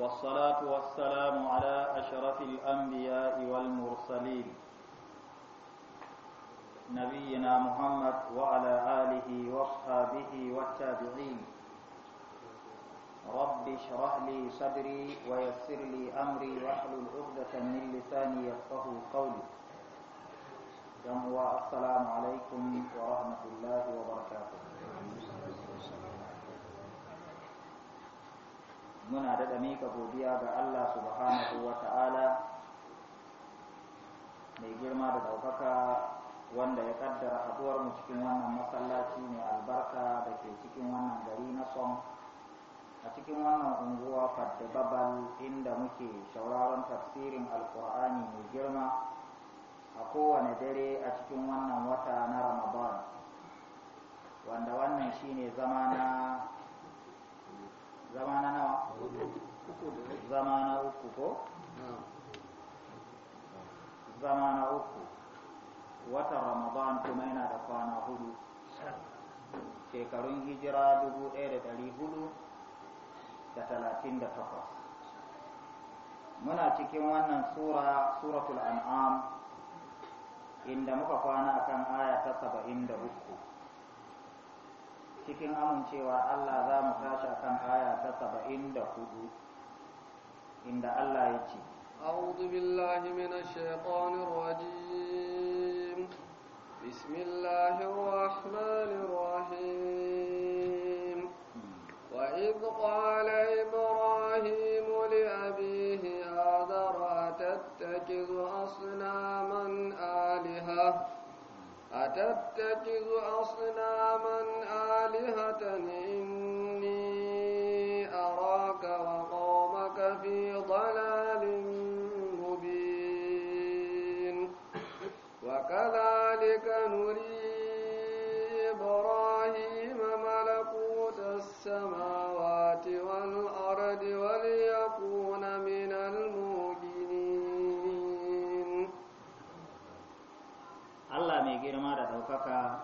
والصلاة والسلام على أشرف الأنبياء والمرسلين نبينا محمد وعلى آله وصحابه والتابعين رب اشرح لي صدري ويسر لي أمري واحلل عقدة من لساني يفقه قولي جمع السلام عليكم ورحمة الله وبركاته muna daɗa mika godiya ga Allah subhanahu wa ta'ala mai girma da ɗaukaka wanda ya kaddara abuwar mu cikin wannan masallaci mai albarka da ke cikin wannan gari na son a cikin wannan unguwa fadda inda muke shauraron tafsirin alkur'ani mai girma a kowane dare a cikin wannan wata na ramadan wanda wannan shine zama na zama na uku ko uku watan ramadan kuma yana da kwana hudu shekarun hijira dubu ɗaya da ɗari hudu da talatin da takwas muna cikin wannan sura suratul an'am inda muka kwana akan aya ta saba'in da uku cikin amincewa Allah za mu tashi kan aya ta saba'in da hudu inda Allah ya ce أعوذ بالله من الشيطان الرجيم بسم الله الرحمن الرحيم وإذ قال إبراهيم لأبيه آذر أتتخذ أصناما آلهة أتتخذ أصناما آلهة إني أراك وقومك في ضلال مبين وكذلك نري إبراهيم ملكوت السماوات ɗaukaka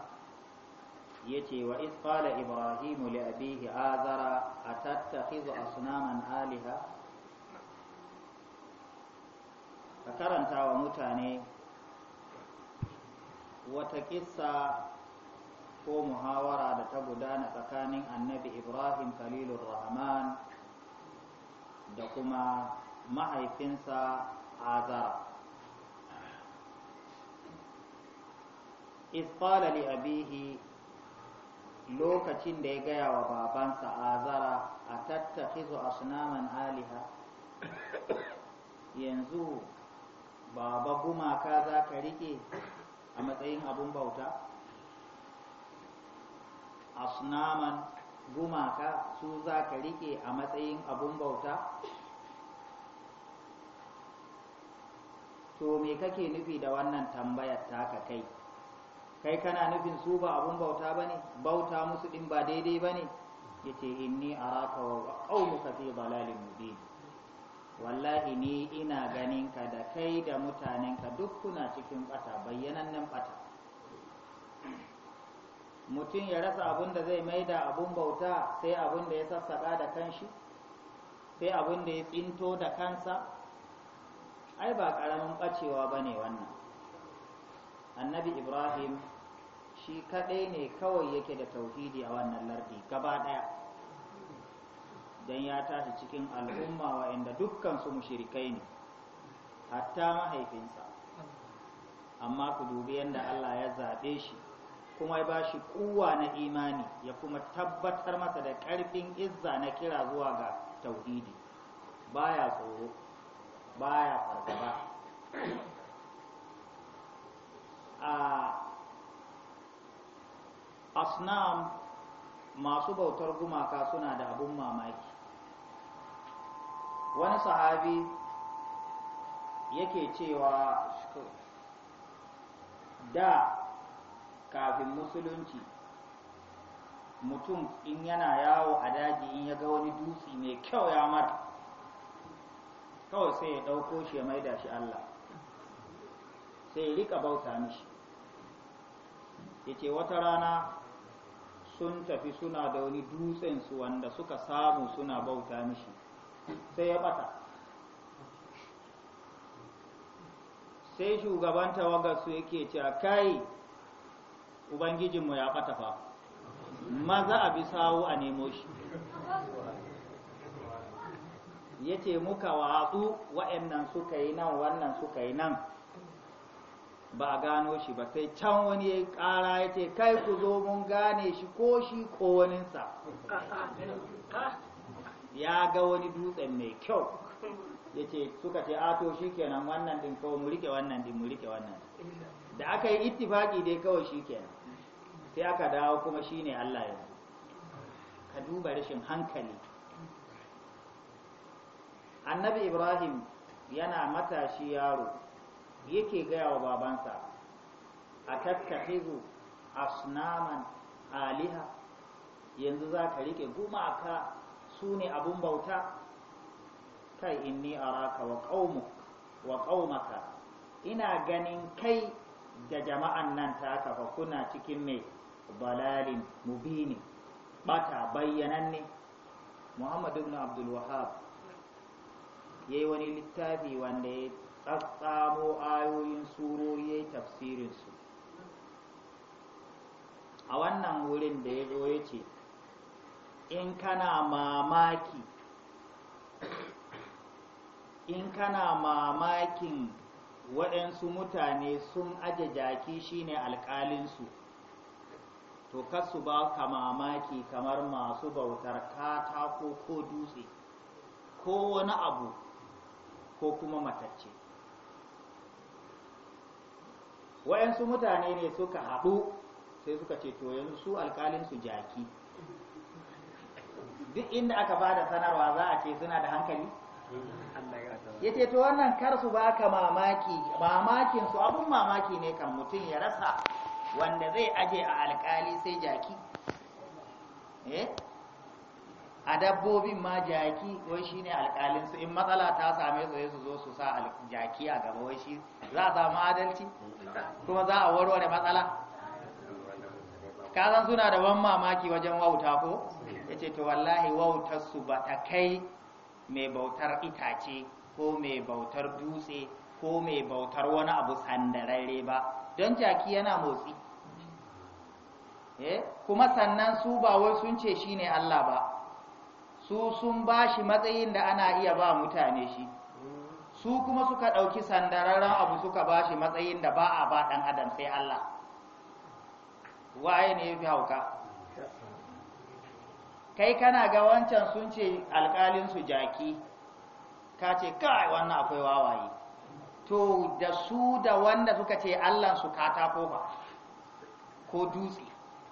ya ce wa iskala ibrahimu li abihi azara a tattakizu a sunaman aliha ka karanta wa mutane wata kissa ko muhawara da ta gudana tsakanin annabi ibrahim khalilur rahman da kuma mahaifinsa azara isfala li abihi lokacin da ya gaya wa babansa azara a tattakhizu asnaman aliha yanzu baba gumaka za ka rike a matsayin abun bauta asnaman gumaka su za ka rike a matsayin abun bauta to me kake nufi da wannan tambayar taka kai kai kana nufin su ba abun bauta bane bauta musu din ba daidai bane yace inni araka wa qaumuka fi dalalin mubin wallahi ni ina ganin ka da kai da mutanenka duk kuna cikin bata bayyanannen bata mutum ya rasa abin da zai maida abun bauta sai abin da ya sassaka da kanshi sai abun da ya tsinto da kansa ai ba ƙaramin ɓacewa ba ne wannan annabi ibrahim shi kaɗai ne kawai yake da tauhidi a wannan lardi gaba ɗaya don ya tashi cikin al'umma wa'inda dukkansu mushirikai ne hatta mahaifinsa amma ku dubi yadda allah ya zaɓe shi kuma ya ba shi kuwa na imani ya kuma tabbatar masa da ƙarfin izza na kira zuwa ga tauhidi baya tsoro baya fargaba A asnam masu bautar gumaka suna da abun mamaki wani sahabi yake cewa da kafin musulunci mutum in yana yawo a daji in ya ga wani dutse mai kyau ya mara kawai sai ya ɗauko shi ya maida shi Allah sai rika bauta mishi yace wata rana sun tafi suna da wani dutsen su wanda suka samu suna bauta mishi sai ya bata sai shugaban su yake cewa kai ubangijinmu ya bata fa maza a bi sawu a nemo shi ya ce muka watsu wa'annan suka yi nan wannan suka yi nan ba a gano shi ba sai can wani ya yi ƙara ya ce kai ku zo mun gane shi ko shi ko waninsa ya ga wani dutsen mai kyau ya ce suka ce ato shi kenan wannan din kawai mu rike wannan din mu rike wannan da aka yi ittifaki dai kawai shi kenan sai aka dawo kuma shi ne Allah ya ka duba rashin hankali annabi ibrahim yana matashi yaro yake gaya wa babansa a tattahizu asnaman aliha yanzu za ka riƙe gumaka su ne abun bauta kai inni araka wa wa ƙaumaka ina ganin kai da jama'an nan ta fa kuna cikin mai balalin mubini bata bayyananne ne muhammadu abdul ya yi wani littafi wanda ya tsatsamo ayoyin surori ya yi tafsirinsu. a wannan wurin da ya zo ya ce in kana mamaki in kana mamakin waɗansu mutane sun aje jaki shine alƙalinsu to kasu ba ka mamaki kamar masu bautar katako ko dutse ko wani abu ko kuma matacce wayansu mutane ne suka haɗu sai suka ce to yanzu su alkalinsu jaki duk inda aka ba da sanarwa za a ce suna da hankali ya ce wannan kar su baka mamaki mamakin su abun mamaki ne kan mutum ya rasa wanda zai aje a alkali sai jaki eh a dabbobin ma jaki wai shi ne alƙalinsu in matsala ta same su su zo su sa jaki a gaba wai shi za a samu adalci kuma za a warware matsala kazan suna da ban mamaki wajen wauta ko ya ce to wallahi wautarsu ba ta kai mai bautar itace ko mai bautar dutse ko mai bautar wani abu sandararre ba don jaki yana motsi eh? kuma sannan su ba wai sun ce shi ne Allah ba su sun ba shi matsayin da ana iya ba mutane shi su kuma suka ɗauki sandararren abu suka ba shi matsayin da ba a ba ɗan adam sai Allah waye ne ya fi hauka kai kana ga wancan sun ce alƙalinsu jaki ka ce kai wannan akwai wawaye to da su da wanda suka ce allansu katako ba ko dutse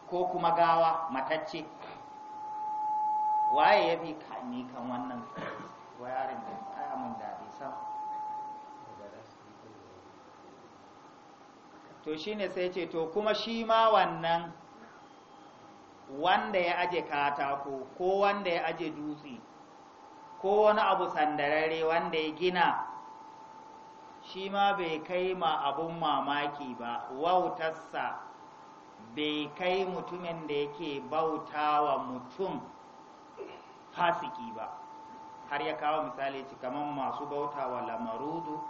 ko kuma gawa matacce waye ya fi ni kan wannan wayarin da ai amin bi sa to shine sai ce to kuma shi ma wannan wanda ya aje katako ko wanda ya aje dutse ko wani abu sandarare wanda ya gina shi ma bai kai ma abun mamaki ba wautarsa bai kai mutumin da yake bautawa mutum fasiki ba har ya kawo misali ci kamar masu bauta wa lamarudu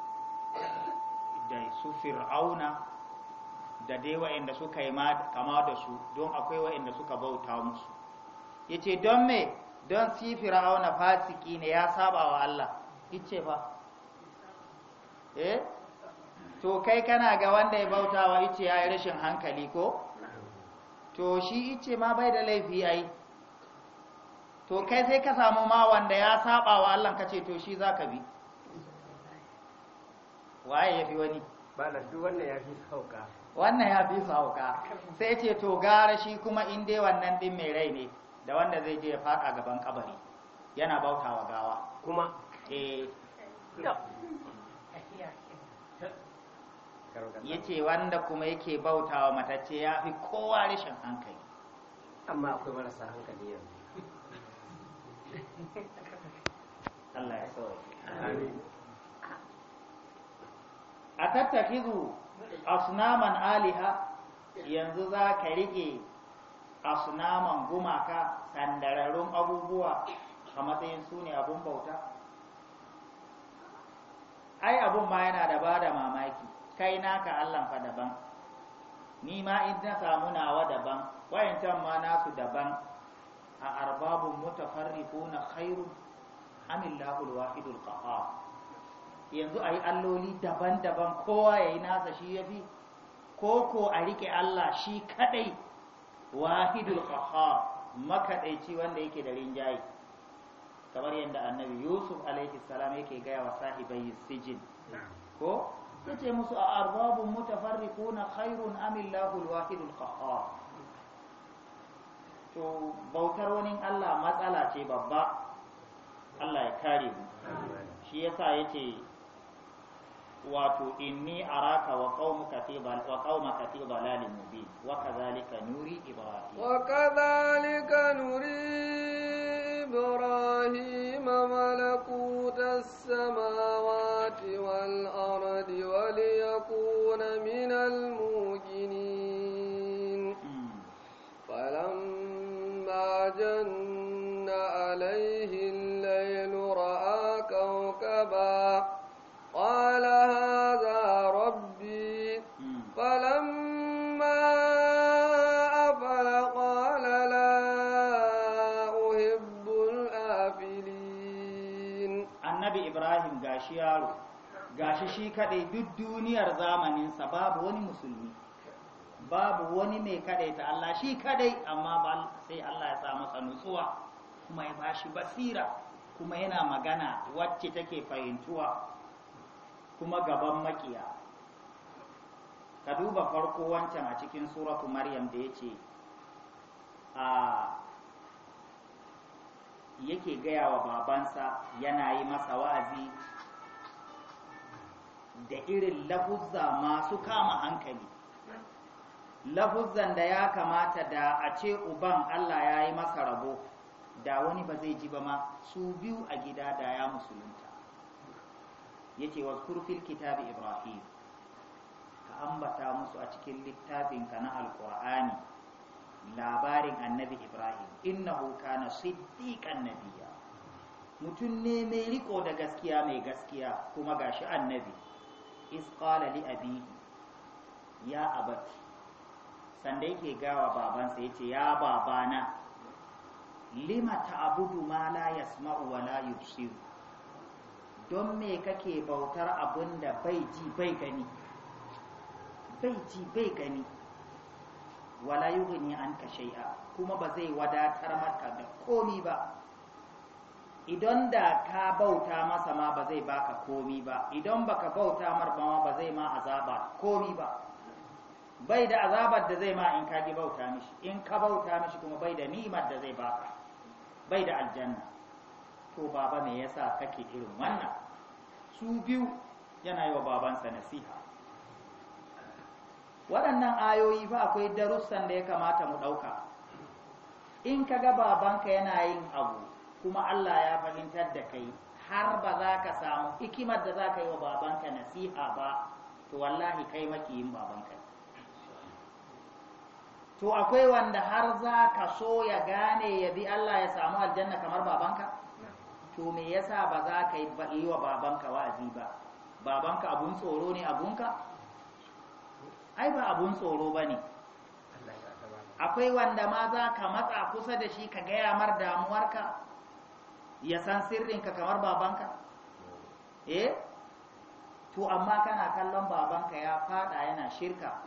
da su fir'auna da dai wa'inda suka yi kama da su don akwai wa'inda suka bauta musu ya ce don me don si fir'auna fasiki ne ya saba wa Allah ice ba eh to kai kana ga wanda ya bauta wa ice ya yi rashin hankali ko to shi ice ma bai da laifi ai to kai sai ka samu ma wanda ya saba wa Allah ka ce to shi za ka bi waye ya fi wani balardu wannan ya fi sauka wannan ya fi sauka sai ce to gara shi kuma in wannan din mai rai ne da wanda zai je ya faɗa gaban kabari yana bauta wa gawa kuma eh. ya ce wanda kuma yake bauta wa matacce ya fi kowa rashin hankali amma akwai marasa hankali yanzu Allah ya sauke a tattakizu asunaman aliha yanzu za ka rike asunaman gumaka sandararrun abubuwa a matsayin su ne abun bauta ai abun ma yana da bada mamaki kai naka Allah fa daban ni ma in na samu nawa daban can ma nasu daban a arbabun mutafarriquna khairun amillahul wahidul qahhar yanzu ayi alloli daban-daban kowa yayi nasa shi yafi ko ko a rike Allah shi kadai wahidul qahhar makadaici wanda yake da rinjaye kamar yadda annabi yusuf alaihi salam yake gaya wa sahibai sijin ko yace musu a arbabun mutafarriquna khairun am wahidul qahhar to bautar wani Allah matsala ce babba Allah ya kare mu shi yasa yace wato inni araka wa qaumuka fi bal wa qaumaka fi dalalin mubin wa kadhalika nuri ibrahim wa kadhalika nuri ibrahim malakut as-samawati wal ardi wa liyakuna minal gashi yaro gashi shi kaɗai duk duniyar zamaninsa babu wani musulmi babu wani mai kaɗai ta Allah shi kadai amma sai Allah ya sa masa nutsuwa kuma ya bashi basira kuma yana magana wacce take fahimtuwa kuma gaban makiya ka duba farko wancan a cikin suratu maryam da ya ce a yake gaya wa babansa yana yi masa wa'azi da irin lafuzza masu kama hankali lafuzzan da ya kamata da a ce uban Allah ya yi masa rabo da wani ba zai ji ba ma su biyu a gida da ya musulunta ya ce wasu fil kitabi ibrahim ka ambata musu a cikin littafinka na alkur'ani labarin annabi ibrahim innahu kana siddiqan nabiyya mutum ne mai riko da gaskiya mai gaskiya kuma gashi annabi iz qala li abihi ya abati sanda yake gawa babansa yace ya babana lima ta'budu ma la yasma'u wa la yubsir don me kake bautar abin da bai ji bai gani bai ji bai gani wala yughni anka shay'a kuma ba zai wadatar maka da komi ba idan da ka bauta masa ma ba zai baka komi ba idan baka bauta marba ma ba zai ma azaba komi ba bai da azabar da zai ma in ka ki bauta mishi in ka bauta mishi kuma bai da ni'imar da zai baka bai da aljanna to baba me yasa kake irin wannan su biyu yana yi wa babansa nasiha waɗannan ayoyi fa akwai darussan da ya kamata mu ɗauka in ka ga babanka yana yin abu kuma Allah ya fahimtar da kai har ba za ka samu hikimar da za ka yi wa babanka nasiha ba to wallahi kai yin babanka to akwai wanda har za ka so ya gane ya bi Allah ya samu aljanna kamar babanka to me yasa ba za ka yi wa babanka wa'azi ba babanka abun tsoro ne abunka ai ba abun tsoro ba ne akwai wanda ma za ka matsa kusa da shi ka gaya mar damuwarka ya san sirrin ka kamar babanka eh to amma kana kallon babanka ya fada yana shirka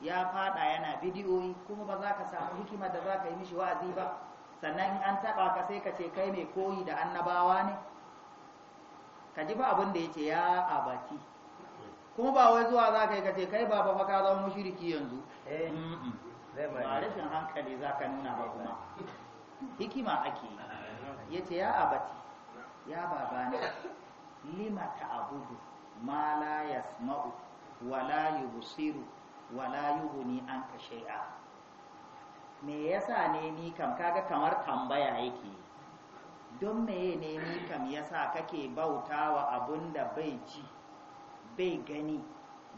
ya fada yana bidiyoyi kuma ba za ka samu hikimar da za ka yi mishi wa'azi ba sannan in an taba ka sai ka ce kai mai koyi da annabawa ne ka ji ba abin da ya ce ya abati kuma ba wai zuwa za ka yi ka ce kai baba fa ka zama mushriki yanzu eh, ba rashin hankali za ka nuna ba kuma hikima ake yi ya ce ya abati ya babana lima ta'abudu ma la yasma'u wa la yubsiru wa la yughni anka shay'a me yasa ne ni kam kaga kamar tambaya yake don meye ne ni kam yasa kake bautawa da bai ji bai gani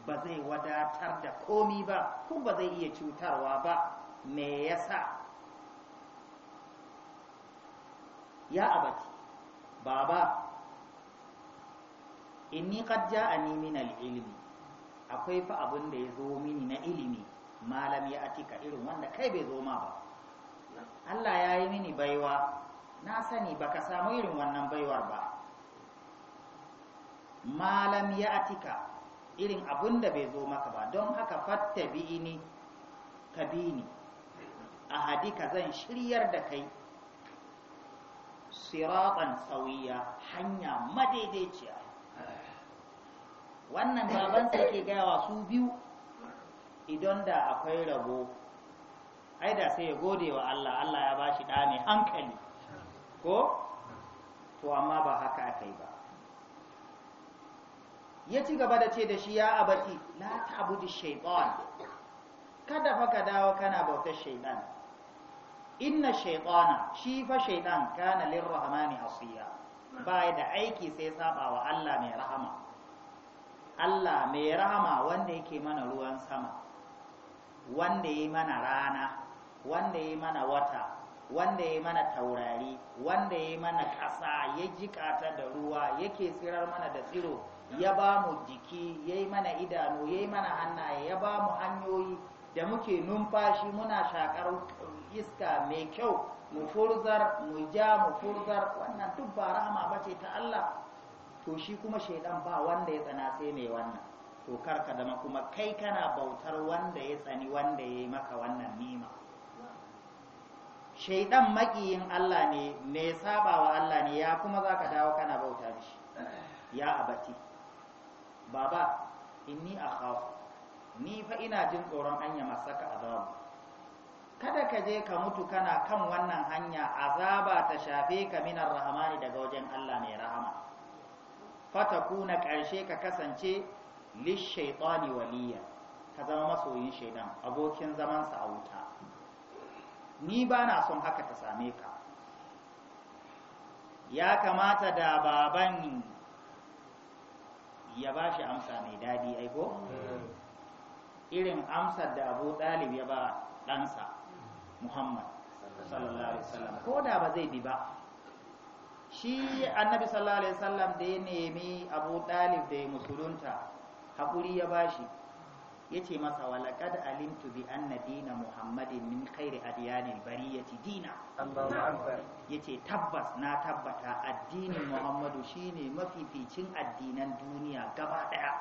ba zai wadatar da komi ba ko ba zai iya cutarwa ba me yasa ya abati baba inni qad ja'ani min al-ilmi akwai fa abin da ya mini na ilimi malam ya atika irin wanda kai bai zo ma ba Allah ya yi mini baiwa na sani baka samu irin wannan baiwar ba malam ya atika irin abin da bai zo maka ba don haka bi ni ka bi ni a hadika zan shiryar da kai siratan sauyiya hanya madaidaiciya wannan babansa ke gawa su biyu idan da akwai rabo ai da sai ya gode wa Allah Allah ya bashi ɗa mai hankali ko to amma ba haka aka yi ba ya ci gaba da ce da shi ya abaki la da shaytan kada fa ka dawo kana bautar shaytan inna shaytana shi fa shaytan kana lirrahmani asiya Ba da aiki sai saba wa Allah mai rahama Allah mai rahama wanda yake mana ruwan sama wanda yi mana rana wanda yi mana wata wanda yi mana taurari wanda yi mana ƙasa ya jikata da ruwa yake tsirar mana da tsiro ya ba mu jiki yayi mana idanu yayi mana hannaye ya ba mu hanyoyi da muke numfashi muna shakar iska mai kyau mu furzar mu ja mu furzar wannan duk ba rahama bace ta Allah to shi kuma shaidan ba wanda ya tsana sai mai wannan to karka zama kuma kai kana bautar wanda ya tsani wanda ya yi maka wannan nima shaidan makiyin Allah ne mai sabawa Allah ne ya kuma za ka dawo kana bauta shi? ya abati baba inni akhafu ni fa ina jin tsoron anya masaka azabu kada ka je ka mutu kana kan wannan hanya azaba ta shafe ka minar rahamani daga wajen Allah mai rahama Fata na ƙarshe ka kasance lishaitani waliya ka zama masoyin shaidan abokin zamansa a wuta ni ba na son haka ta same ka ya kamata da baban ya ba shi amsa mai daɗi aiko mm. irin amsar da abu ɗalib ya ba ɗansa muhammad sallallahu alaihi wasallam ko da ba zai bi ba shi annabi sallallahu alaihi wasallam da ya nemi abu Talib da ya musulunta hakuri ya bashi yace masa walaqad alimtu bi anna dina muhammadin min khairi adyanil bariyati dina ya yace tabbas na tabbata addinin muhammadu shine mafificin addinan duniya gaba ɗaya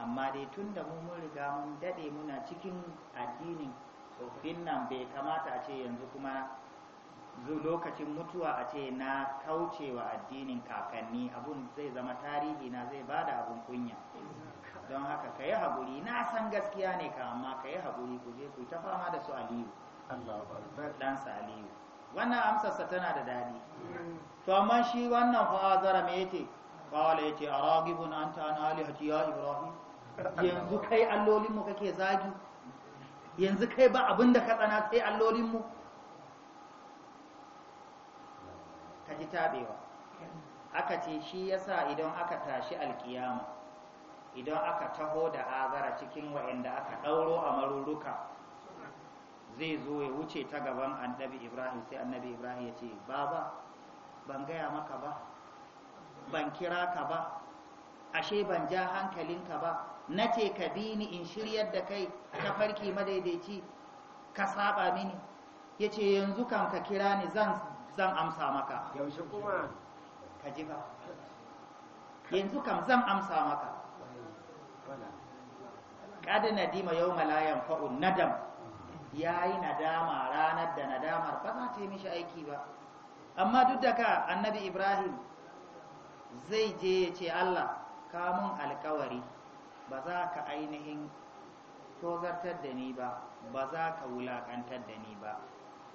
amma dai tun da mun riga mun dade muna cikin addinin tsoffin nan bai kamata a ce yanzu kuma lokacin mutuwa a ce na kaucewa addinin kakanni abun zai zama tarihi na zai bada abun kunya don haka ka yi haguri na san gaskiya ne ka amma ka yi haguri ku je ku ta fama da su aliyu ɗansa aliyu wannan amsarsa tana da daɗi to amma shi wannan zara me yake kawala ce a ragibin an ta na ya ibrahim yanzu kai allolinmu kake zagi yanzu kai ba abin da ka tsana sai allolinmu ka ji taɓewa aka ce shi yasa idan aka tashi alkiyama idan aka taho da azara cikin wa'inda aka ɗauro a maruruka zai zo ya wuce ta gaban annabi ibrahim sai annabi ibrahim ya ce baba ban gaya maka ba ban kira ka ba ashe ban ja hankalinka ba na ce ka bi ni in shiryar da kai ka farki madaidaici ka saba mini ya ce yanzu kan ka kira ni zan amsa maka yaushe kuma ka ji ba yanzu kan zan amsa maka kada nadima yau malayan fa'un nadam ya yi nadama ranar da nadamar ba za ta yi mishi aiki ba amma duk da ka annabi ibrahim zai je ya ce allah kamun alkawari ba za ka ainihin tozartar da ni ba ba za ka wulaƙantar da ni ba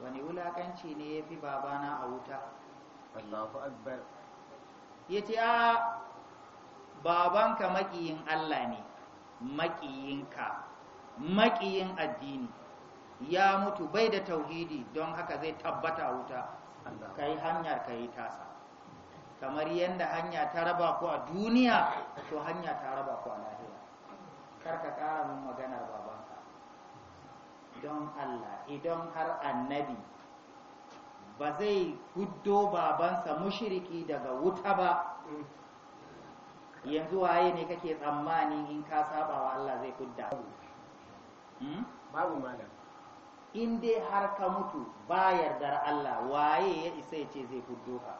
wani wulaƙanci ne ya fi babana a wuta Allahu akbar ya ce a babanka maƙiyin Allah ne maƙiyinka maƙiyin addini ya mutu bai da tauhidi don haka zai tabbata wuta Ka yi hanyar ka yi tasa kamar yadda hanya ta raba ku a duniya to hanya ta raba ku a lahira kar ka ƙara min maganar babanka don Allah idan har annabi ba zai guddo babansa mushiriki daga wuta ba yanzu waye ne kake tsammani in ka saba wa Allah zai kudda hmm? babu malam in dai har ka mutu ba yardar Allah waye ya isa ya ce zai guddo ka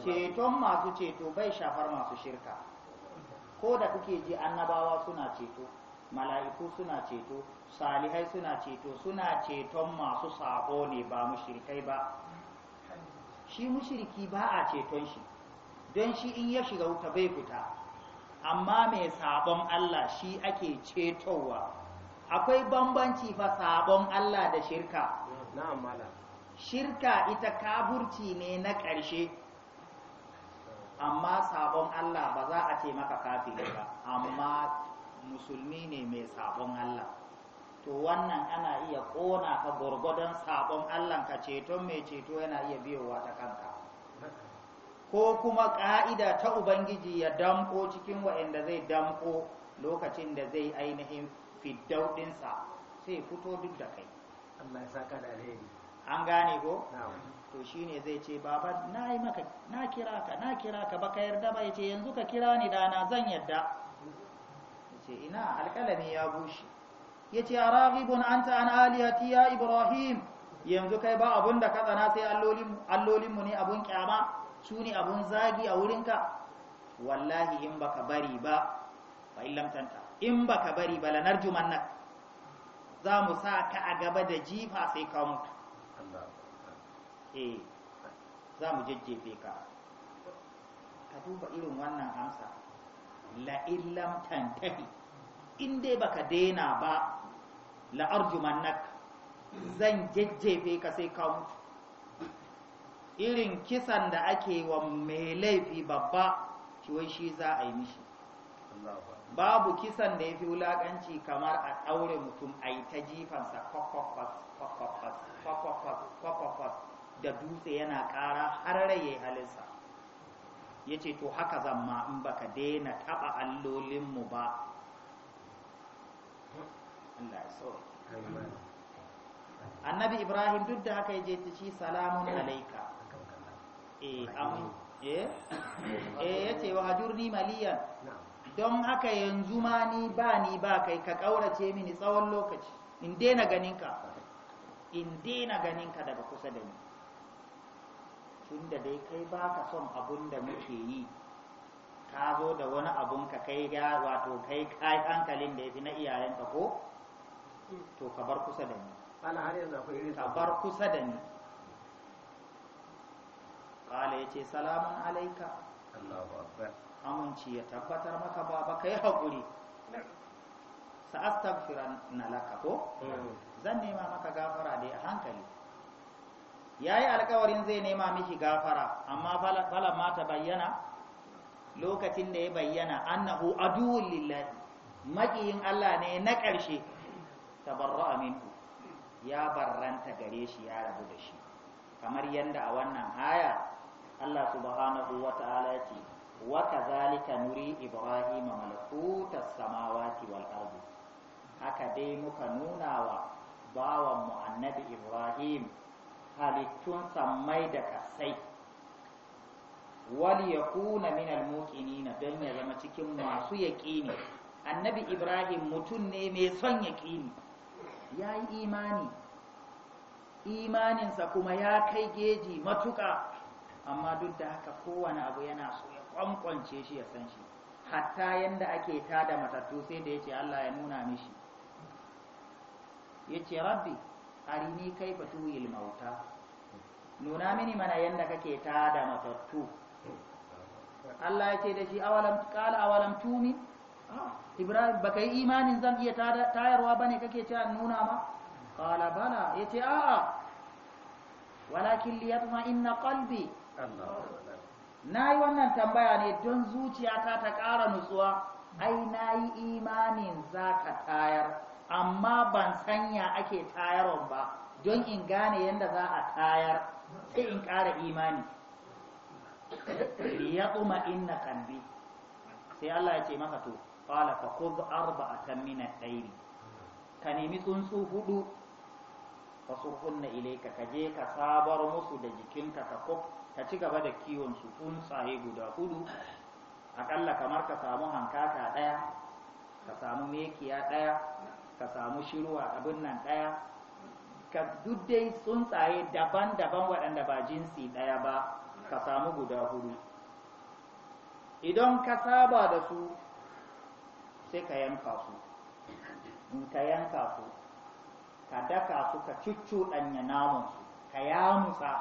ceton masu ceto bai shafar masu shirka ko da kuke ji annabawa suna ceto mala'iku suna ceto salihai suna ceto suna ceton masu sabo ne ba mushrikai ba shi mushriki ba a ceton shi don shi in ya shiga wuta bai fita amma mai sabon Allah shi ake cetowa akwai bambanci fa sabon Allah da shirka shirka ita kaburci ne na ƙarshe amma sabon Allah ba za a ce maka kafiri ba amma musulmi ne mai sabon Allah to wannan ana iya kona ka gwargwadon sabon Allah ka ceton mai ceto yana iya biyowa ta kanka ko kuma ƙa'ida ta Ubangiji ya damko cikin waɗanda zai damko lokacin da zai ainihin fiddaudinsa sai fito duk da kai. An gane ko? to shine zai ce baba na yi maka na kira ka na kira ka baka yarda ba yace yanzu ka kira ni dana zan yarda ce ina alƙalami ya bushe yace a raghibun anta an aliyati ya ibrahim yanzu kai ba abun da ka tsana sai allolinmu mu ne abun kyama su ne abun zagi a wurinka wallahi in ba ka bari ba ba illam in in ka bari ba lanar lanarjumannak za mu sa ka a gaba da jifa sai ka mutu eh za mu jejjefe ka ka duba irin wannan amsa la illam tantahi in dai baka daina ba la la'arjumannak zan jejjefe ka sai ka mutu irin kisan da ake wa mai laifi babba ciwon shi za a yi mishi babu kisan da ya fi wulaƙanci kamar a ɗaure mutum a yi ta jifansa kwakwakwas kwakwakwas kwakwakwas kwakwakwas da dutse yana ƙara har raye halinsa ya ce to haka zamma in baka daina taɓa allolinmu ba annabi ibrahim duk da haka ya je ta ci salamun alaika eh, eh? eh ya ce wa hajurni maliyan don haka yanzu ma ni ba ni ba kai ka ƙaurace mini tsawon lokaci in daina ganinka in daina ganinka daga kusa da ni Tunda dai kai baka son abun da muke yi ka zo da wani abun ka kai ga wato kai kai hankalin da ya fi na iyayenka ko to ka bar kusa da ni ka bar kusa da ni kala ya ce salamun alaika Allahu aminci ya tabbatar maka baba kai haƙuri sa'astaghfiran laka ko hmm. zan nema maka gafara dai a hankali yayi alƙawarin zai nema miki gafara amma bala ma ta bayyana lokacin da ya bayyana annahu aduwwul lillahi maƙiyin Allah ne na ƙarshe tabarra'a minhu ya barranta gare shi ya rabu da shi kamar yanda a wannan haya, Allah subhanahu wata'ala ya ce wa kazalika nuri ibrahima malakutas samawati wal ardi haka dai muka nuna wa bawan mu annabi ibrahim halittun sammai da kasai wal yakuna min al muqinina don ya zama cikin masu yaqini annabi ibrahim mutum ne mai son yaqini yayi yi imani imaninsa kuma ya kai geji matuka amma duk da haka kowane abu yana so ya kwankwance shi ya san shi hatta yanda ake tada matattu sai da yace Allah ya nuna mishi yace rabbi arini kaifa tuhil mauta nuna mini mana yanda kake tada matattu Allah ya ce da shi awalam qala awalam tumi ah, Ibrahim baka yi imanin zan iya tayarwa bane kake cewa nuna ma qala bana yace a'a walakin liyatma inna qalbi na yi wannan tambaya ne don zuciyata ta ƙara nutsuwa ai na yi imanin za ka tayar amma ban sanya ake tayarwa ba don in gane yadda za a tayar sai in ƙara imani ya tsuma inna kalbi sai Allah ya ce maka to qala fa arba a min al-tayr ka nemi tsuntsu hudu fa sukunna ilaika ka je ka sabar musu da jikinka ka ko ka ci gaba da kiwon su tsuntsaye guda hudu akalla kamar ka samu hankaka ɗaya, ka samu mekiya ɗaya. ka samu shiruwa abin nan ɗaya ka duk dai tsuntsaye daban-daban waɗanda ba jinsi ɗaya ba ka samu guda hudu idan ka saba da su sai ka yanka su in ka yanka su ka daka su ka cuccuɗanya su, ka yamusa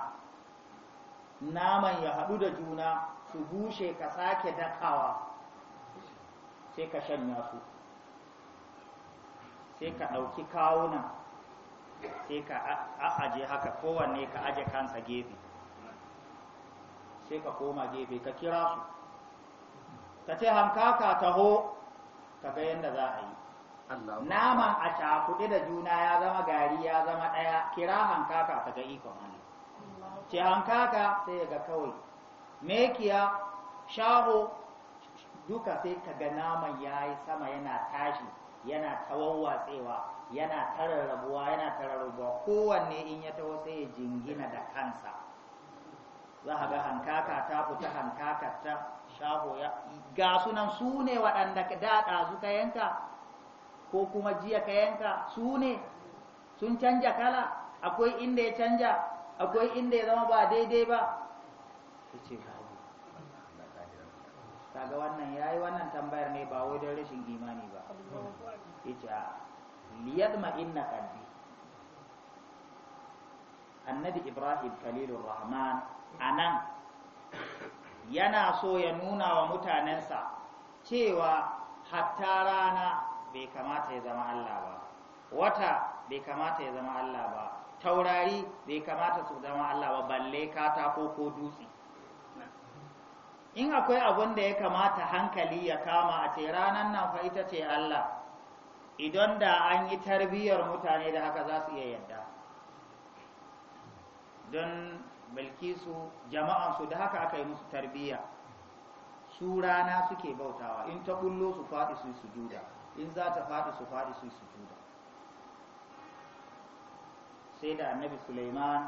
naman ya haɗu da juna su bushe ka sake dakawa sai ka shanya su sai ka ɗauki kawunan sai ka a'aje haka kowanne ka aje kansa gefe sai ka koma gefe ka kira su ka ce hankaka taho ka ga yadda za a yi naman a cakuɗe da juna ya zama gari ya zama ɗaya kira hankaka ka ga ikon Allah ce hankaka sai ga kawai mekiya shaho duka sai ka ga naman ya yi sama yana tashi yana tawawwatsewa yana tararrabuwa yana tararrabuwa kowanne in ya taho sai ya jingina da kansa za a ga hankaka ta fita hankaka ta shaho ya ga sunan su ne waɗanda da ɗazu ka yanka ko kuma jiya ka yanka su ne sun canja kala akwai inda ya canja akwai inda ya zama ba daidai ba ce kaga wannan yi wannan tambayar ne ba wai don rashin imani ba yace liyad ma inna qalbi annabi ibrahim khalilur rahman anan yana so ya nuna wa mutanensa cewa hatta rana bai kamata ya zama Allah ba wata bai kamata ya zama Allah ba taurari bai kamata su zama Allah ba balle katako ko dutse in akwai abun da ya kamata hankali ya kama a ce ranar nan fa ita ce Allah idan da an yi tarbiyyar mutane da haka za su iya yadda don bilkisu jama'ansu da haka aka yi musu tarbiyya su rana suke bautawa in ta kullo su faɗi su sujuda in za ta faɗi su faɗi su sujuda sai da annabi suleiman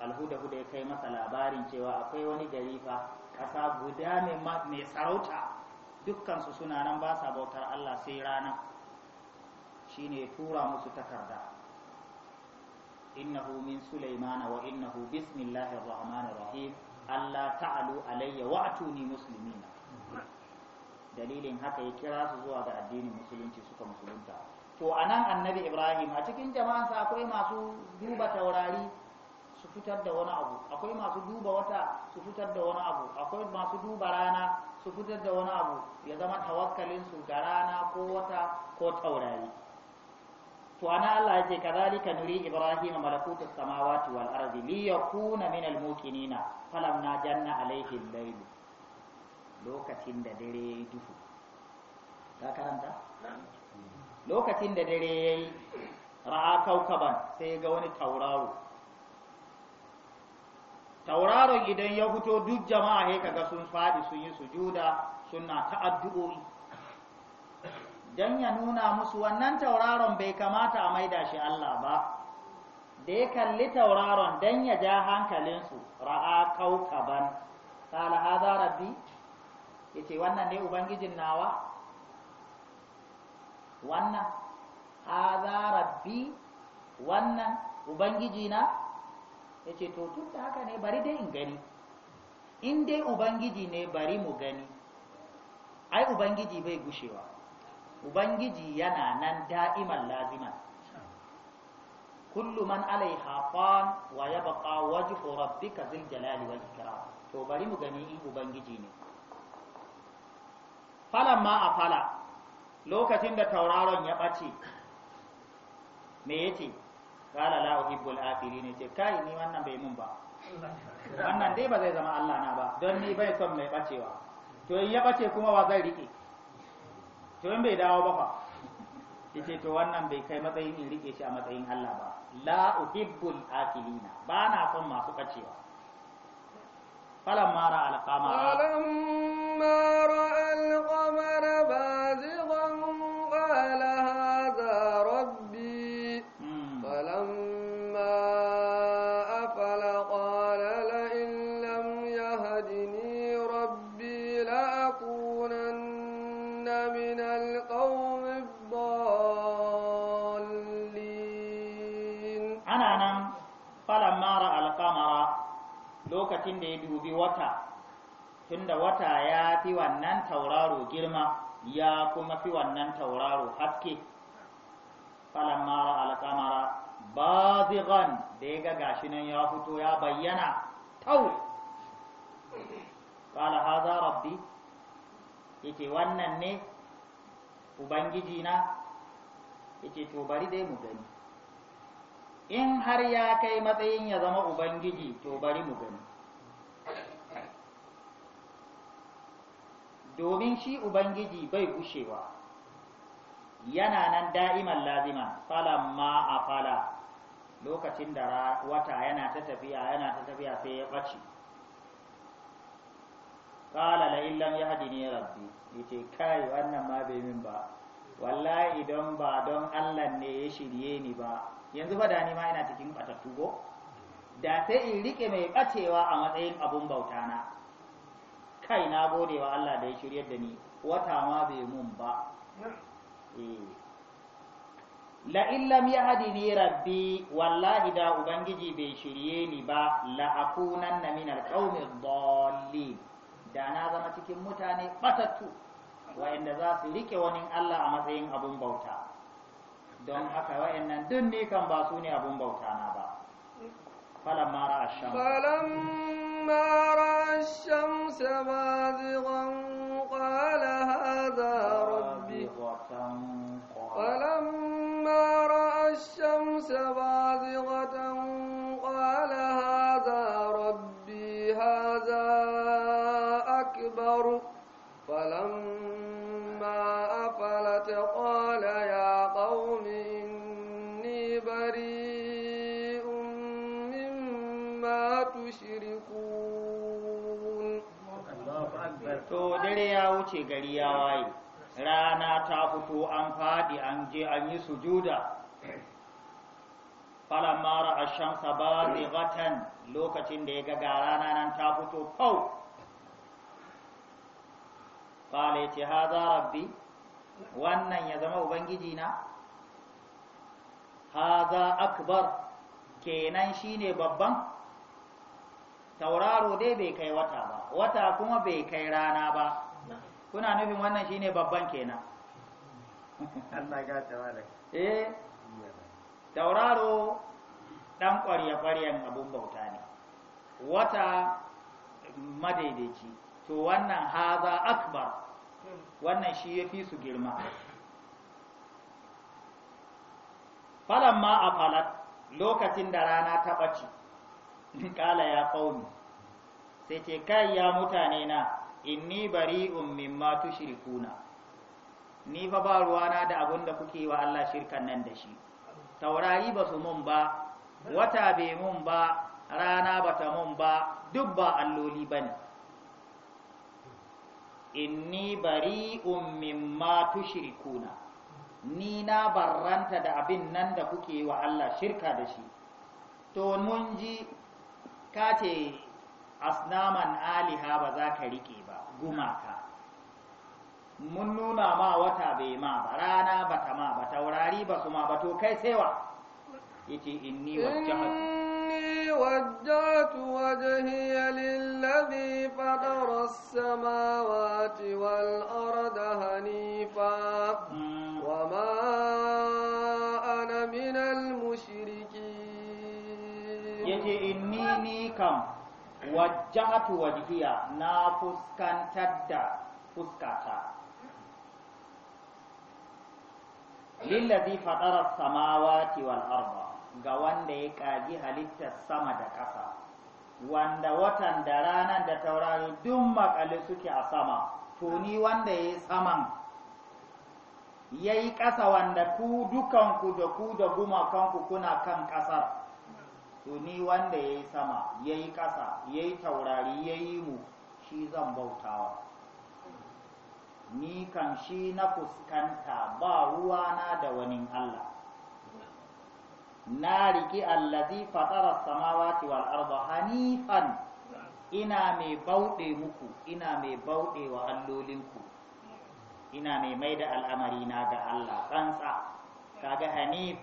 alhuda-huda ya kai masa labarin cewa akwai wani garifa ƙasa guda mai sarauta dukkansu suna nan ba sa bautar Allah sai rana shi ne tura musu takarda innahu min sulaimana wa innahu bismillahir rahmanir rahim Allah ta'alu alayya wa atuni muslimina dalilin haka ya kira su zuwa ga addinin musulunci suka musulunta to anan annabi Ibrahim a cikin jama'ansa akwai masu duba taurari su fitar da wani abu akwai masu duba wata su fitar da wani abu akwai masu duba rana su fitar da wani abu ya zama tawakkalin su ga rana ko wata ko taurari to ana Allah yake kadhalika nuri ibrahim malakutu samawati wal ardi li yakuna min al muqinina na janna alayhi al layl lokacin da dare yayi duhu ka karanta lokacin da dare yayi ra'a kaukaban sai ga wani tauraro tauraron idan ya fito duk jama'a he kaga sun fadi sun yi sujuda suna ta'addu'o'i dan ya nuna musu wannan tauraron bai kamata a maida shi Allah ba da ya kalli tauraron dan ya ja hankalinsu ra'a kaukaban qala hadha rabbi yace wannan ne ubangijin nawa wannan hadha rabbi wannan ubangijina na ya ce to tun da haka ne bari dai in gani in dai ubangiji ne bari mu gani ai ubangiji bai gushewa ubangiji yana nan da'iman laziman kullu man alai hafan wa waji wajhu rabbika zin jalali wa ikram to bari mu gani in ubangiji ne falan ma a fala lokacin da tauraron ya ɓace me yace qala la uhibbul afirin ce kai ni wannan bai mun ba wannan dai ba zai zama Allah na ba don ni bai son mai bacewa to in ya bace kuma wa zai rike to in bai dawo ba fa yace to wannan bai kai matsayin in rike shi a matsayin Allah ba la uhibbul na, ba na son masu bacewa falamma mara al-qamara falamma wata tunda wata ya fi wannan tauraro girma ya kuma fi wannan tauraro haske falamma alkamara al-qamara da ya ga gashi nan ya fito ya bayyana tau kala hadha rabbi yake wannan ne ubangiji na yake to bari dai mu gani in har ya kai matsayin ya zama ubangiji to bari mu gani domin shi ubangiji bai gushewa yana nan da'iman lazima falan ma a fala lokacin da wata yana ta tafiya yana ta tafiya sai ya ɓace ƙala la illam ya ne rabbi yace kai wannan ma bai min ba wallahi idan ba don Allah ne ya shirye ni ba yanzu ba da ni ma ina cikin batattu go da sai in rike mai ɓacewa a matsayin abun bautana. na kai na gode wa Allah da ya shirya da ni wata ma bai mun ba eh. la illam hadini rabbi wallahi da ubangiji bai shirye ni ba la na min alqaumi dallin da na zama cikin mutane batattu wayanda za su rike wani Allah a matsayin abun bauta don haka wayannan duk ne kan ba su ne abun bauta na ba falamma ra'a shamsu فلما رأى الشمس بازغا قال هذا ربي فلما رأى الشمس بازغة قال هذا ربي هذا أكبر فلما to dare ya wuce gari ya waye rana ta fito an faɗi an je an yi sujuda mara ra'a shamsa watan lokacin da ya ga rana nan ta fito fau ce ha za rabbi wannan ya zama ubangiji na za akbar kenan shine babban tauraro dai bai kai wata ba wata kuma bai kai rana ba kuna nufin wannan shine babban kenan Allah ga tawala eh tauraro dan kwariya ƙwaryan abun bauta ne wata madaidaici to wannan haza akbar wannan shi ya fi su girma Falon ma a falat lokacin da rana ta ɓace ƙala ya ƙauni sai ce kai ya mutane na inni bari'un mimma tushrikuna ni fa ba ruwana da abun da kuke wa Allah shirkan nan da shi taurari ba su mun ba wata bai mun ba rana ba ta mun ba duk ba alloli ba ne inni bari'un mimma tushrikuna ni na barranta da abin nan da kuke wa Allah shirka da shi to mun ji ka ce asnaman aliha ba za ka riƙe ba gumaka mun nuna ma wata bai ma ba rana ba ta ma ba taurari ba su ma ba to kai sewa yace inni وجهت وجهي للذي فطر السماوات والأرض هنيفا وما أنا من المشركين يجي ni kam. wajjahatu wajhiya na fuskantar da fuskata lillazi fadara samawati wal arda ga wanda ya kaji halittar sama da ƙasa wanda watan da ranar da taurari duk makali suke a sama to ni wanda ya yi saman ya yi ƙasa wanda ku dukanku da ku da gumakanku kuna kan ƙasar to ni wanda ya yi sama ya yi ƙasa ya yi taurari ya yi mu shi zan bautawa ni kan shi na fuskanta ba ruwana da wani Allah na riki allazi fatara samawati wal arda hanifan ina mai bauɗe muku ina mai bauɗe wa allolinku ina mai mai da al'amari na ga Allah tsantsa kaga hanif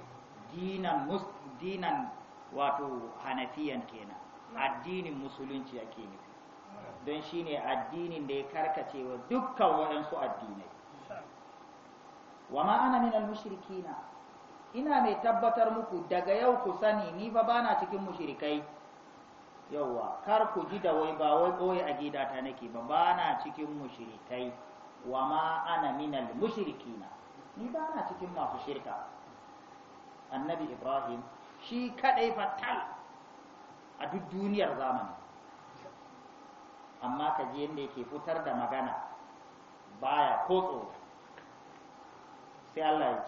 dinan mus dinan wato hanafiyan kenan addinin musulunci ake nufi don shine addinin da ya karkace wa dukkan waɗansu addinai wa ma ana min al-mushrikina ina mai tabbatar muku daga yau ku sani ni ba bana cikin mushrikai yauwa kar ku ji da wai ba wai koyi a gida ta nake ba bana cikin mushrikai wa ma ana min al-mushrikina ni bana cikin masu shirka annabi ibrahim shi kadai fatal a duk duniyar zamani amma ka ji yadda yake fitar da magana baya ko tsoro sai Allah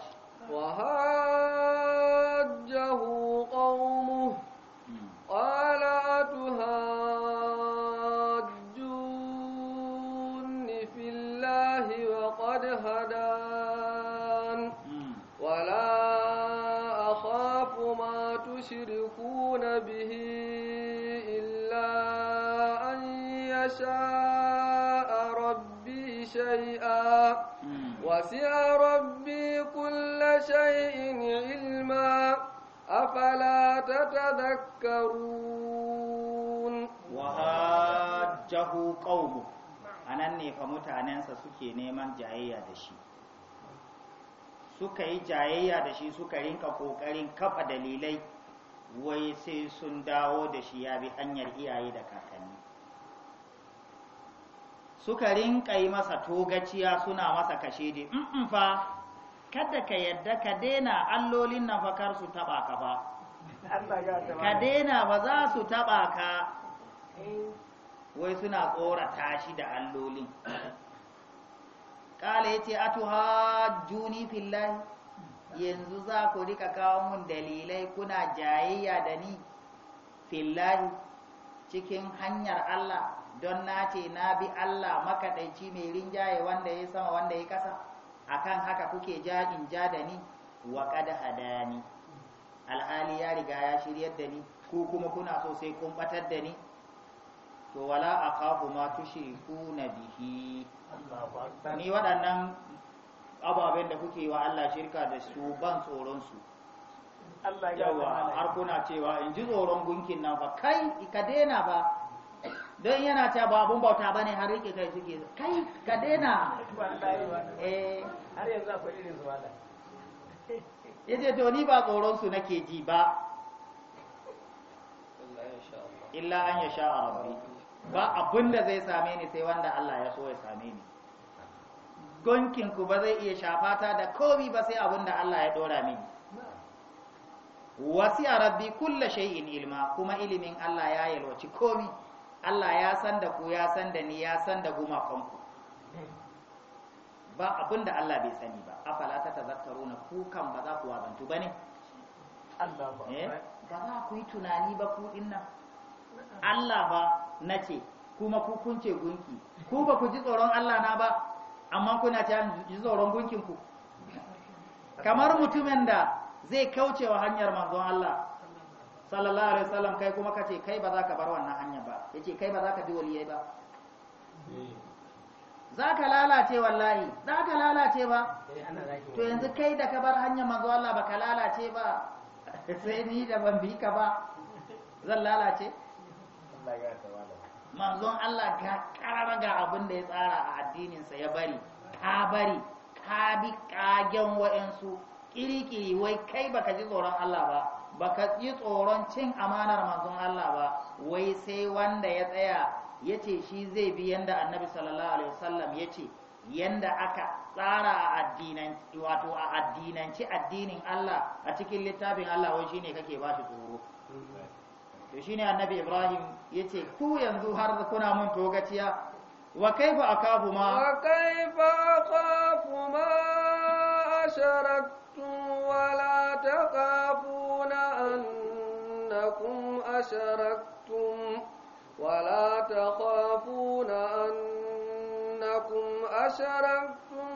ya ce وسع ربي كل شيء علما أفلا تتذكرون وهاجه قومه anan ne fa mutanensa suke neman jayayya da shi suka yi jayayya da shi suka rinka kokarin kafa dalilai wai sai sun dawo da shi ya bi hanyar iyaye da kakanni suka rinka yi masa togaciya suna masa kashe dai in fa kada ka yadda ka daina allolin nafakar su taba ka ba, ka daina ba za su taba ka eh. wai suna tsorata shi da allolin kala a tuha juni fillai yanzu za ku rika kawo mun dalilai kuna jayayya da ni fillai cikin hanyar Allah don na ce na bi Allah makaɗaici mai rinjaye wanda ya sama wanda ya kasa akan haka kuke ja in ja da ni wa kada ni? alhali ya riga ya shiryar da ni ko kuma kuna so sai kun batar da ni to wala kafu ma na bihi ni waɗannan ababen da kuke wa Allah shirka da su ban tsoron su Allah ya har kuna cewa in ji tsoron gunkin nan fa kai ka dena ba don yana ta ba abun bauta ba ne har rike kai suke kai ka daina eh. har yanzu akwai irin zuwa da ya ce to ni ba tsoronsu nake ji ba illa an ya sha a rabbi ba abin da zai same ni sai wanda Allah ya so ya same ni ku ba zai iya shafata da komi ba sai abin da Allah ya dora mini wasi a rabbi kulla shay'in ilma kuma ilimin Allah ya yalwaci komi Allah ya san da ku ya san da ni ya san da gumakonku ba abin da Allah bai sani ba falata ta tazakkaru na kukan ba za ku wazantu ba ne eh? ba za ku yi tunani ba ku nan. Allah ba na ce kuma ku kunce gunki ku ba ku ji tsoron Allah na ba amma kuna ta ji tsoron gunkin ku kamar mutumin da zai kaucewa hanyar manzon Allah sallallahu alaihi wasallam kai kuma kace kai ba za ka bar wannan hanya ya ce kai ba za ka bi waliyai ba eh. za ka lalace wallahi za ka lalace ba eh, to yanzu kai da ka bar hanyar mazu Allah ba ka lalace ba sai ni da ban bi ka ba zan lalace manzon Allah ga karar ga abin da ya tsara a addininsa ya bari ka bari ka bi kagen wa'ansu kirikiri wai kai ba ka ji tsoron Allah ba Ba ka yi tsoron cin amanar manzon Allah ba wai sai wanda ya tsaya ya ce shi zai bi yanda annabi sallallahu alaihi wasallam ya ce yanda aka tsara a addinan wato a addinanci addinin Allah a cikin littafin Allah wai shine kake ba shi tsoro to shine annabi Ibrahim ya ce, ku yanzu har kuna mun togaciya wa kaifa akafu ma wa kaifa akafu ma asharaktum wa la taqafu أنكم أشركتم ولا تخافون أنكم أشركتم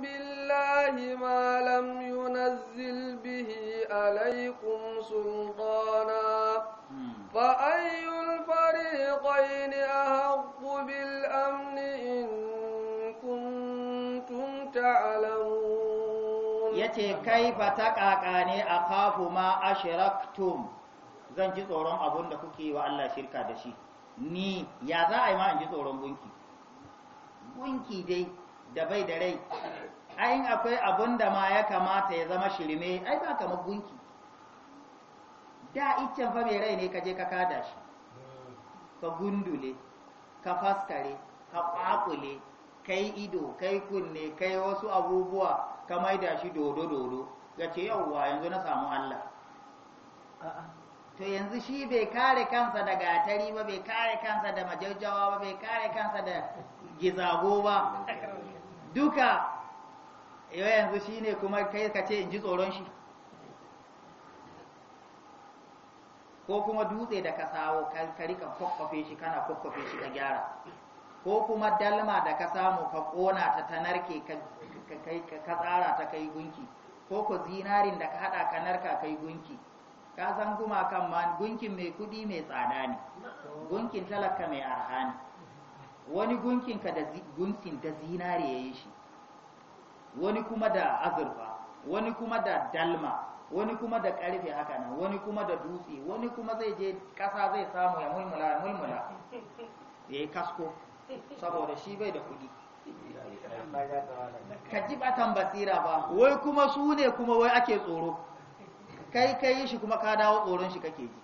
بالله ما لم ينزل به عليكم سلطانا فأي الفريقين أحق بالأمن إن كنتم تعلمون yace kai ba ta ƙaƙa ne a kafu ma ashiraktum zan ji tsoron abun da kuke wa Allah shirka da shi ni ya za a yi ma in ji tsoron gunki gunki dai da bai da rai ayin akwai abun da ma ya kamata ya zama shirme ai ba kamar gunki da iccen fa mai rai ne ka je ka kada shi ka gundule ka faskare ka kwakule kai ido kai kunne kai wasu abubuwa ka maida shi dodo dodo ga ce yauwa yanzu na samu Allah to yanzu shi bai kare kansa da gatari ba bai kare kansa da majaujawa ba bai kare kansa da gizago ba duka yau yanzu shi ne kuma kai ka ce in ji tsoron shi ko kuma dutse da ka kari ka kwakwafe shi kana kwakwafe shi ka gyara ko kuma dalma da ka samu ka kona ta ta narke ka tsara ta kai gunki ko ku zinarin da ka hada ka narka kai gunki ka san kan ma gunkin mai kuɗi mai tsada ne gunkin talaka mai arha ne wani gunkin ka da gunkin da zinare ya yi shi wani kuma da azurfa wani kuma da dalma wani kuma da karfe haka nan wani kuma da dutse wani kuma zai je kasa zai samu ya mulmula ya mulmula ya yi kasko saboda shi bai da kuɗi ka ji batan basira ba wai kuma su ne kuma wai ake tsoro kai kai shi kuma ka dawo tsoron shi kake ji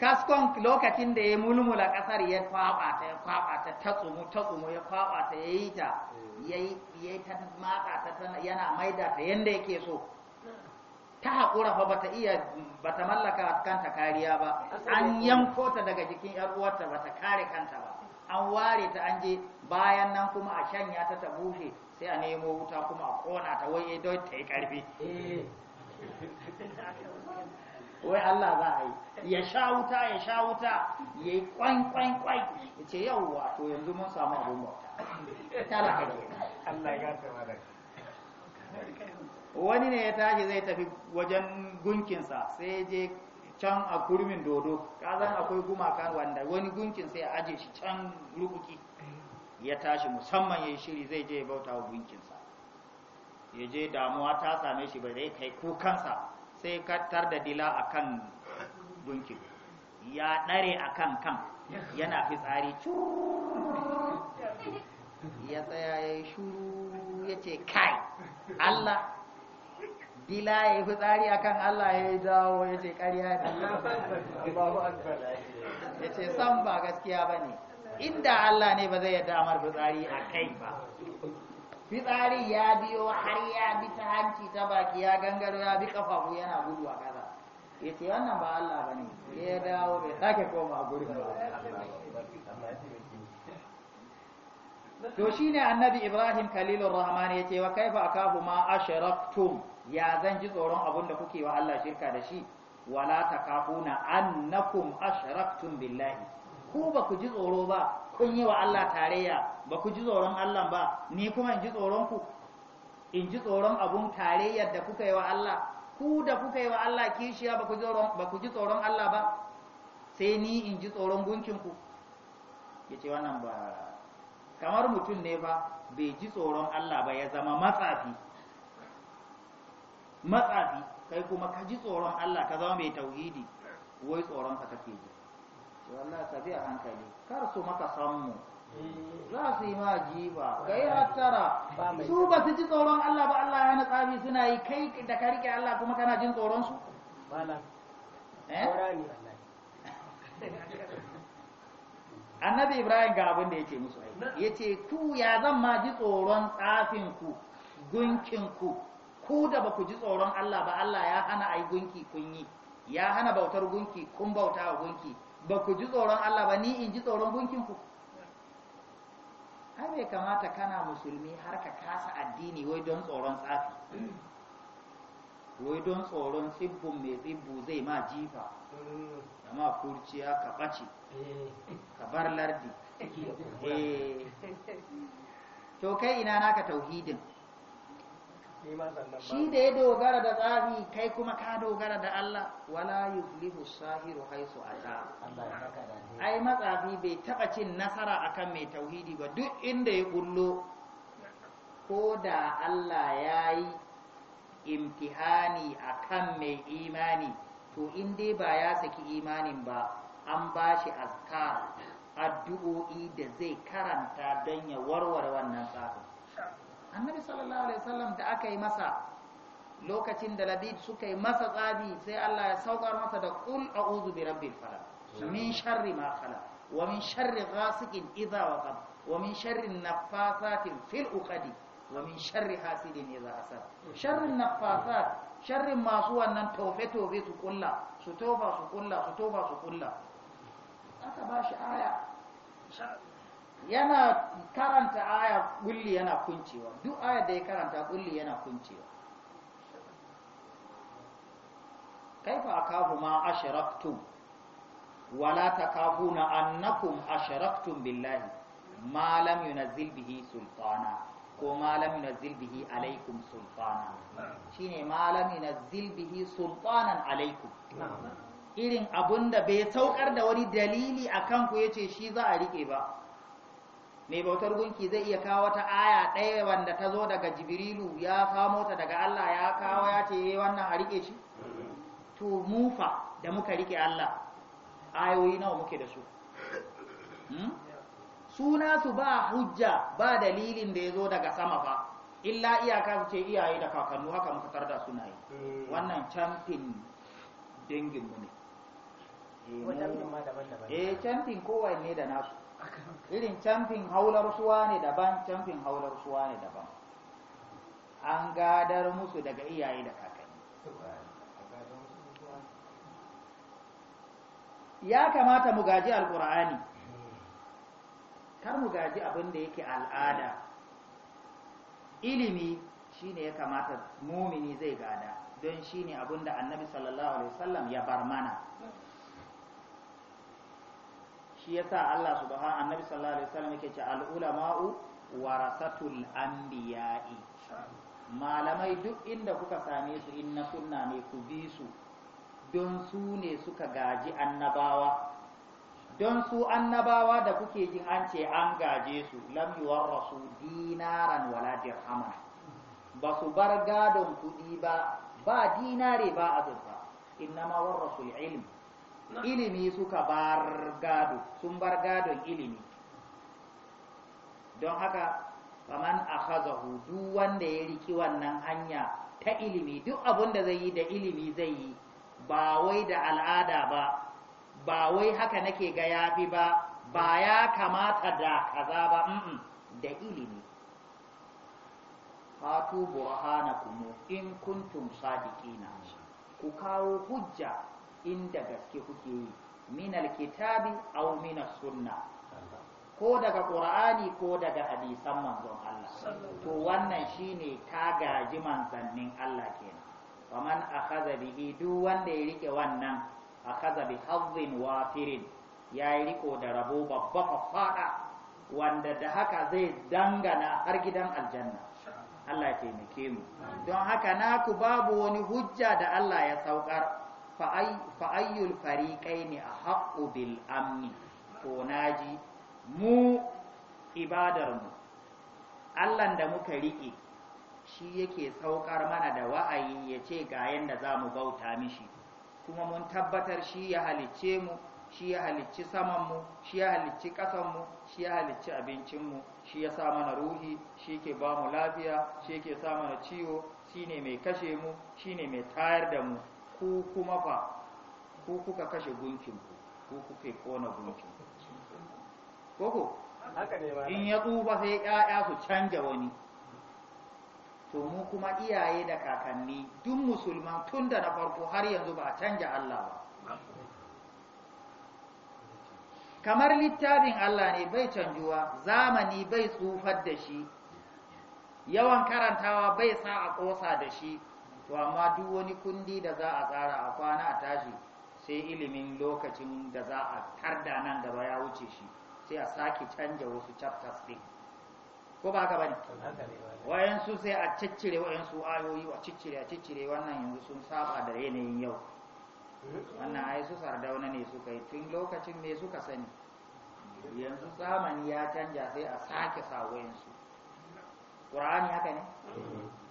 kaskon lokacin da ya mulmula ƙasar ya kwaba ya kwaba ta ta tsumu ta tsumu ya kwaba ya yi ta ya yi ta ta yana maida ta yanda yake so ta haƙura fa bata iya bata mallaka kanta kariya ba an yanko ta daga jikin yar uwarta bata kare kanta ba an ware ta an je bayan nan kuma a shanya ta ta bushe sai a nemo wuta kuma a kona ta wai ya don ta yi karfi eh. wai Allah za a yi ya sha wuta ya sha wuta ya yi kwan kwan kwan ya ce yau wato yanzu mun samu abin ta talaka ke Allah ya ta wani ne ya tashi zai tafi wajen gunkinsa sai ya je can a kurmin dodo kazan akwai gumaka wanda wani gunkin sai a aje shi can rubuki ya tashi musamman ya yi shiri zai je ya bauta wa gunkinsa ya je damuwa ta same shi bai zai kai kukansa sai kattar da dila a kan gunkin ya ɗare a kan kan yana fitsari ya tsaya ya yi shuru ya ce kai Allah dila ya yi fitsari akan Allah ya yi dawo ya ce ƙarya ne ya ce san ba gaskiya ba ne inda Allah ne ba zai yadda amar fitsari a kai ba fitsari ya biyo har ya bi ta hanci ta baki ya gangaro ya bi kafafu yana gudu a kaza, ya ce wannan ba Allah ba ne ya dawo bai sake koma gurin ba to shine annabi ibrahim khalilur rahman ya ce wa a kafu ma ashraktum ya zan ji tsoron abin da kuke wa Allah shirka da shi wala takafuna annakum ashraktum billahi ku ba ku ji tsoro ba kun yi wa Allah tarayya ba ku ji tsoron Allah ba ni kuma in ji tsoron ku in ji tsoron abun tarayyar da kuka yi wa Allah ku da kuka yi wa Allah kishiya ba ku tsoron ba ku ji tsoron Allah ba sai ni in ji tsoron gunkin ku yace wannan ba kamar mutum ne ba bai ji tsoron Allah ba ya zama matsafi matsafi kai kuma ka ji tsoron Allah ka zama mai tauhidi wai tsoron ka kake ji wallahi ka bi a hankali kar su maka sammu za su yi ma jiba kai hattara su ba su ji tsoron Allah ba Allah ya hana tsafi suna yi kai da ka rike Allah kuma kana jin tsoron su eh? annabi ibrahim ga abin da yake musu aiki yace ku ya zan ma ji tsoron tsafin ku gunkin ku ku da ba ku ji tsoron Allah ba Allah ya hana ai gunki kun yi ya hana bautar gunki kun bauta a gunki ba ku ji tsoron Allah ba ni in ji tsoron gunkin ku ai bai kamata kana musulmi har ka kasa addini wai don tsoron tsafi wai don tsoron tsibbin mai tsibbu zai ma jifa amma kurciya ka ɓace ka bar lardi eh. to kai ina naka tauhidin shi da ya dogara da tsafi kai kuma ka dogara da Allah wala yuflihu sahiru haisu ata ai matsafi bai taba cin nasara akan mai tauhidi ba duk inda ya kullo ko da Allah ya yi imtihani akan mai imani to in dai ba ya saki imanin ba an ba shi azkar addu'o'i da zai karanta don ya warware wannan tsafin annabi sallallahu alaihi wasallam da aka yi masa lokacin da labid suka yi masa tsabi sai Allah ya saukar masa da qul a'udhu bi rabbil falaq min sharri ma khalaq wa min sharri ghasiqin idha waqab wa min sharri naffasatin fil uqadi wa min sharri hasidin idha hasad sharrin naffasat sharrin masu wannan tofe tofe su kulla su tofa su kulla su tofa su kulla aka ba shi aya yana karanta aya kulli yana kuncewa duk aya da ya karanta kulli yana kuncewa kaifa akafu ma ashraktum wala takafuna annakum ashraktum billahi ma lam yunazzil bihi sultana ko ma lam yunazzil bihi alaikum sultana shine ma lam yunazzil bihi sultanan alaikum irin abunda bai saukar da wani dalili akan ku yace shi za a rike ba mai bautar gunki zai iya kawo wata aya ɗaya wanda ta zo daga jibrilu ya kamo ta daga Allah ya kawo ya ce eh, wannan a rike shi to mufa da muka rike Allah ayoyi nawa muke da su hmm? suna su ba hujja ba dalilin da ya zo daga sama ba illa iyaka su ce iyaye da kakannu haka muka tarda suna yi hmm. wannan camfin mu ne eh camfin eh, kowanne da nasu irin camfin haular suwa ne daban camfin haular suwa ne daban an gadar musu daga iyaye da kakanni ya kamata mu gaji alkur'ani kar mu gaji abin da yake al'ada ilimi ne ya kamata mumini zai gada don shine abin da annabi sallallahu alaihi wasallam ya bar mana shi yasa Allah subhanahu annabi sallallahu alaihi wasallam yake ce al ulama'u warasatul anbiya'i malamai duk inda kuka same su inna na sunna ne ku bi su don su ne suka gaji annabawa don su annabawa da kuke jin an ce an gaje su lam yuwarrasu dinaran wala amma? ba su bar gadon kuɗi ba ba dinare ba azurfa innama warrasu ilm ilimi suka bar gado sun bar gadon ilimi don haka kaman akhazahu duk wanda ya riki wannan hanya ta ilimi duk abin da zai yi da ilimi zai yi ba wai da al'ada ba ba wai haka nake ga yafi ba ba ya kamata da kaza ba mm da ilimi fatu burhanakum in kuntum sadiqina ku kawo hujja inda gaske kuke yi min alkitabi aw min sunna ko daga qur'ani ko daga hadisan manzon Allah to wannan shine ta gaji manzannin Allah kenan faman akhadha bihi du wanda ya rike wannan akhadha bi hazzin wafirin ya yi riko da rabo babba faffaɗa wanda da haka zai dangana har gidan aljanna Allah ya taimake mu don haka naku babu wani hujja da Allah ya saukar fa'ayyul fariƙai ne a haƙƙo amni ko naji mu ibadarmu allan da muka riƙe shi yake saukar mana da wa'ayi ya ce ga yadda za mu bauta mishi kuma mun tabbatar shi ya halicce mu shi ya halicci samanmu shi ya halicci ƙasanmu shi ya halicci abincinmu shi ya sa mana ruhi shi ke ba mu lafiya shi ke sa mana ciwo shi ne mai kashe mu shi ne mai tayar da mu ko kuma fa ko kuka kashe gunkin ku ko kuka kona gunkin koko in ya tsufa sai ƴaƴa su canja wani to mu kuma iyaye da kakanni duk musulman tun da na farko har yanzu ba canja Allah ba kamar littafin Allah ne bai canjuwa zamani bai tsufar da shi yawan karantawa bai sa a ƙosa da shi to amma duk wani kundi da za a tsara a kwana a tashi sai ilimin lokacin da za a tarda nan gaba ya wuce shi sai a sake canja wasu chapters din ko ba haka bane su sai a ciccire su ayoyi a ciccire a ciccire wannan yanzu sun saba da yanayin yau hmm? wannan ai su sardauna ne suka yi tun lokacin me suka sani yanzu zamani ya canja sai a sake sa su qur'ani haka ne hmm.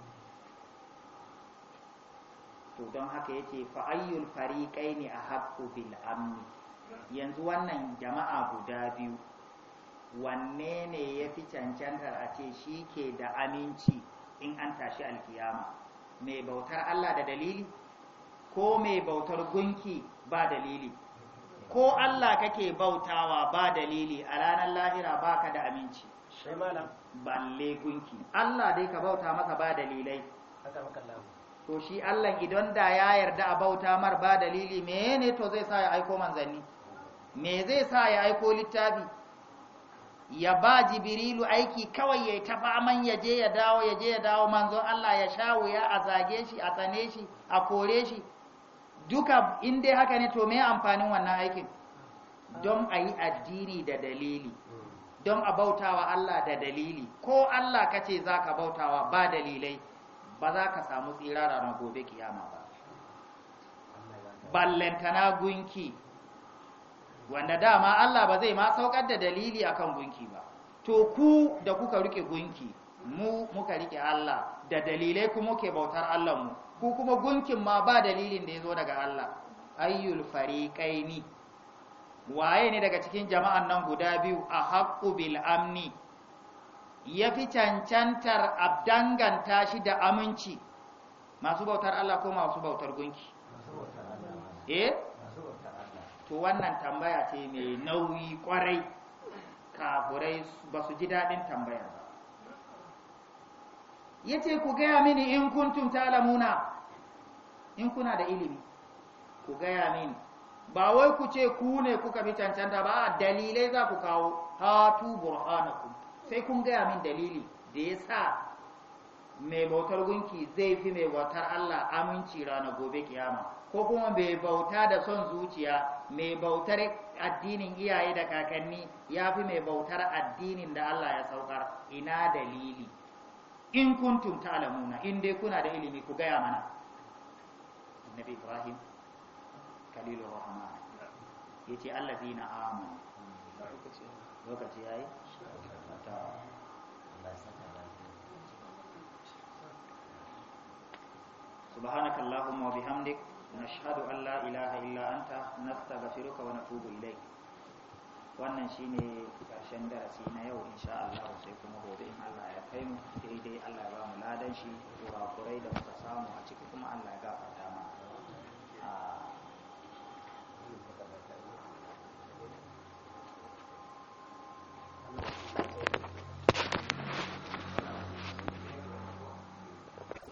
to don haka yace fa ayyul fariqaini ahaqqu bil amni yanzu wannan jama'a guda biyu wanne ne ya fi cancantar a ce shi ke da aminci in an tashi alkiyama mai bautar Allah da dalili ko mai bautar gunki ba dalili ko Allah kake bautawa ba dalili a ranar lahira ba ka da aminci balle gunki Allah dai ka bauta masa ba dalilai to shi Allah idan da ya yarda a bauta mar ba dalili menene to zai sa ya aiko manzanni me zai sa ya aiko littafi ya ba jibrilu aiki kawai ya ta faman ya je ya dawo ya ya dawo manzon Allah ya sha wuya a zage shi a tsane shi a kore shi duka in dai haka ne to me amfanin wannan aikin don a yi addini da dalili don a bautawa Allah da dalili ko Allah kace zaka bautawa ba dalilai ba za ka samu tsira ranar gobe kiyama ba ballantana gunki wanda dama Allah ba zai ma saukar da dalili akan gunki ba to ku da kuka rike gunki mu muka rike Allah da dalilai kuma ke bautar Allah mu ku kuma gunkin ma ba dalilin da ya zo daga Allah ayyul fariqaini waye ne daga cikin jama'an nan guda biyu a haqqu bil amni ya fi cancantar a danganta shi da aminci masu bautar Allah ko masu bautar gunki eh to wannan tambaya ce mai nauyi kwarai kafurai ba su ji daɗin tambaya. ba ya ce ku gaya mini in kuntum talamuna in kuna da ilimi ku gaya mini ba wai ku ce ku ne kuka fi cancanta ba dalilai za ku kawo hatu burhanakum sai kun gaya min dalili da ya sa mai bautar gunki zai fi mai bautar Allah aminci rana gobe kiyama ko kuma mai bauta da son zuciya mai bautar addinin iyaye da kakanni ya fi mai bautar addinin da Allah ya saukar ina dalili in kuntum ta'lamuna in dai kuna da ilimi ku gaya mana annabi Ibrahim khalilur rahman yace allazina amanu lokaci yayi سبحانك اللهم وبحمدك نشهد أن لا إله إلا أنت نستغفرك ونتوب إليك wannan shine karshen darasi na yau insha Allah sai kuma gobe in Allah ya kai mu daidai Allah ya ba ladan shi kurakurai da muka samu a ciki kuma Allah ya gafarta